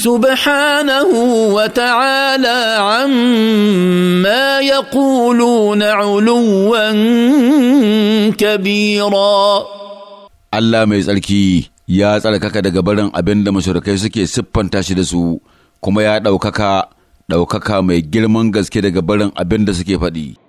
سبحانه وتعالى عما يقولون علوا كبيرا Allah mai tsarki ya tsarkaka daga barin abin da mashirkai suke siffanta shi da su kuma ya ɗaukaka ɗaukaka mai girman gaske daga barin abin da suke faɗi.